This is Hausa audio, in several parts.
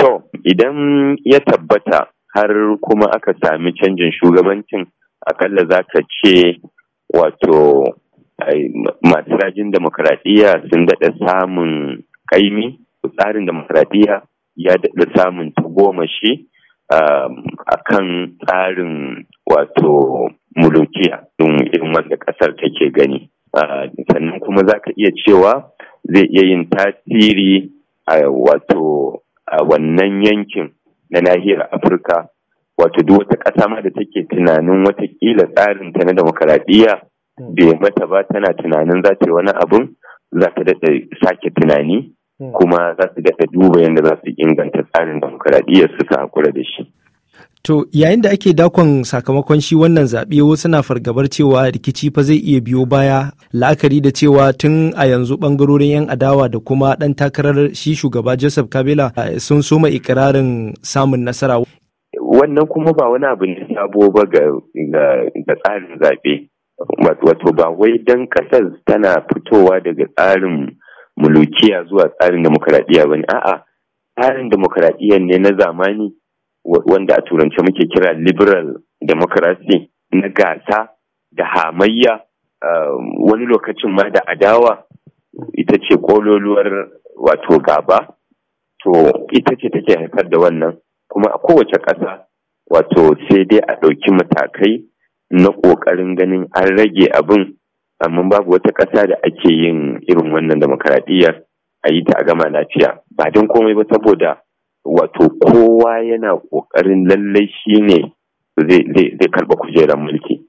To, idan ya tabbata har kuma aka sami canjin shugabancin akalla za ka ce wato masu rajin demokradiyya sun daɗa samun ƙaimi tsarin demokradiyya ya daɗa samun tagomashi um, a kan tsarin wato mulukiya irin wanda ƙasar take gani sannan kuma za ka iya cewa zai iya yin tasiri a wato a wannan yankin na nahiyar afirka wato duk wata ƙasa ma da take tunanin watakila tsarin ta na demokaradiyya hmm. bai mata ba tana tunanin za ta yi wani abun za ta daɗa sake tunani hmm. kuma za su daɗa duba yadda za su inganta tsarin demokaradiyyar suka hakura da shi To yayin da ake dakon sakamakon shi wannan zaɓe wasu na fargabar cewa rikici fa zai iya biyo baya la'akari da cewa tun a yanzu ɓangarorin 'yan adawa da kuma ɗan takarar shi shugaba Joseph Kabila eh, sun soma ikirarin samun nasara. Wannan kuma ba wani abu ne sabo ba ga tsarin zaɓe. Wato ba wai dan ƙasar tana fitowa daga tsarin mulukiya zuwa tsarin demokaradiyya ba ne. A'a tsarin demokaradiyya ne na zamani. wanda a turance muke kira liberal democracy na gasa da hamayya um, wani lokacin ma da adawa ita ce kololuwar wato gaba to ita ce take haifar da wannan kuma a kowace ƙasa wato sai dai a ɗauki matakai na ƙoƙarin ganin an rage abin amma babu wata ƙasa da ake yin irin wannan demokaradiyyar a yi ta a gama lafiya ba don komai ba saboda wato kowa yana ƙoƙarin lallai shi ne zai karɓa kujerar mulki.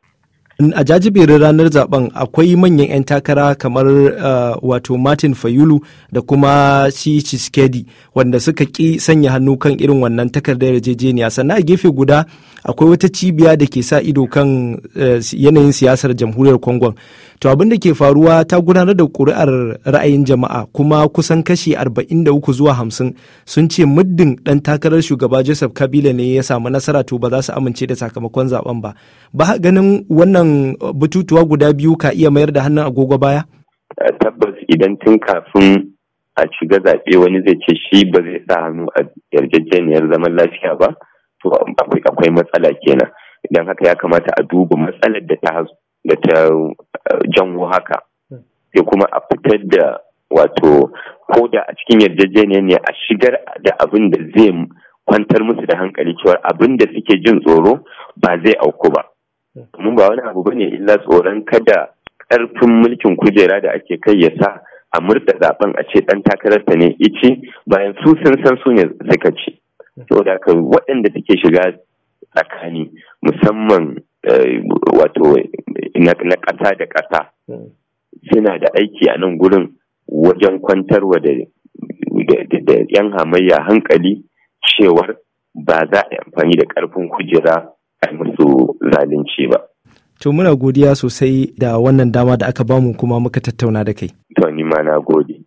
A jajiberin ranar zaben akwai manyan 'yan takara kamar eh, wato Martin Fayulu da kuma shi Chiskedi wanda suka ƙi sanya hannu kan irin wannan takardar yarjejeniya sannan a gefe guda akwai wata cibiya da ke sa ido kan eh, yanayin siyasar jamhuriyar kongo to abin da ke faruwa ta gudanar da ƙuri'ar ra'ayin jama'a kuma kusan kashi uku zuwa hamsin sun ce muddin ɗan takarar shugaba joseph kabila ne ya samu nasara to ba za su amince da sakamakon zaben ba ba ganin wannan bututuwa guda biyu ka iya mayar da hannun agogo baya eh, tabbas idan tun kafin a shiga zaɓe wani zai ce shi ba zai sa hannu a yarjejeniyar zaman lafiya ba to akwai matsala kenan idan haka ya kamata a duba matsalar da ta da ta eh, janwo haka hmm. sai kuma a fitar da wato ko da a cikin yarjejeniyar ne a shigar da abin da zai kwantar musu da hankali cewa abin da suke jin tsoro ba zai auku ba mun hmm. ba wani abu bane illa tsoron kada ƙarfin mulkin kujera da ake kai ya sa a murda zaben a ce dan takararta ne ici bayan su sun san su ne suka ci saboda waɗanda take shiga tsakani musamman eh, wato na ƙasa da ƙasa hmm. suna da aiki a nan gurin wajen kwantarwa da yan hamayya hankali cewar ba za a yi amfani da ƙarfin kujera a musu zalunci ba. To muna godiya sosai da wannan dama da aka bamu kuma muka tattauna da kai. To ni ma na gode.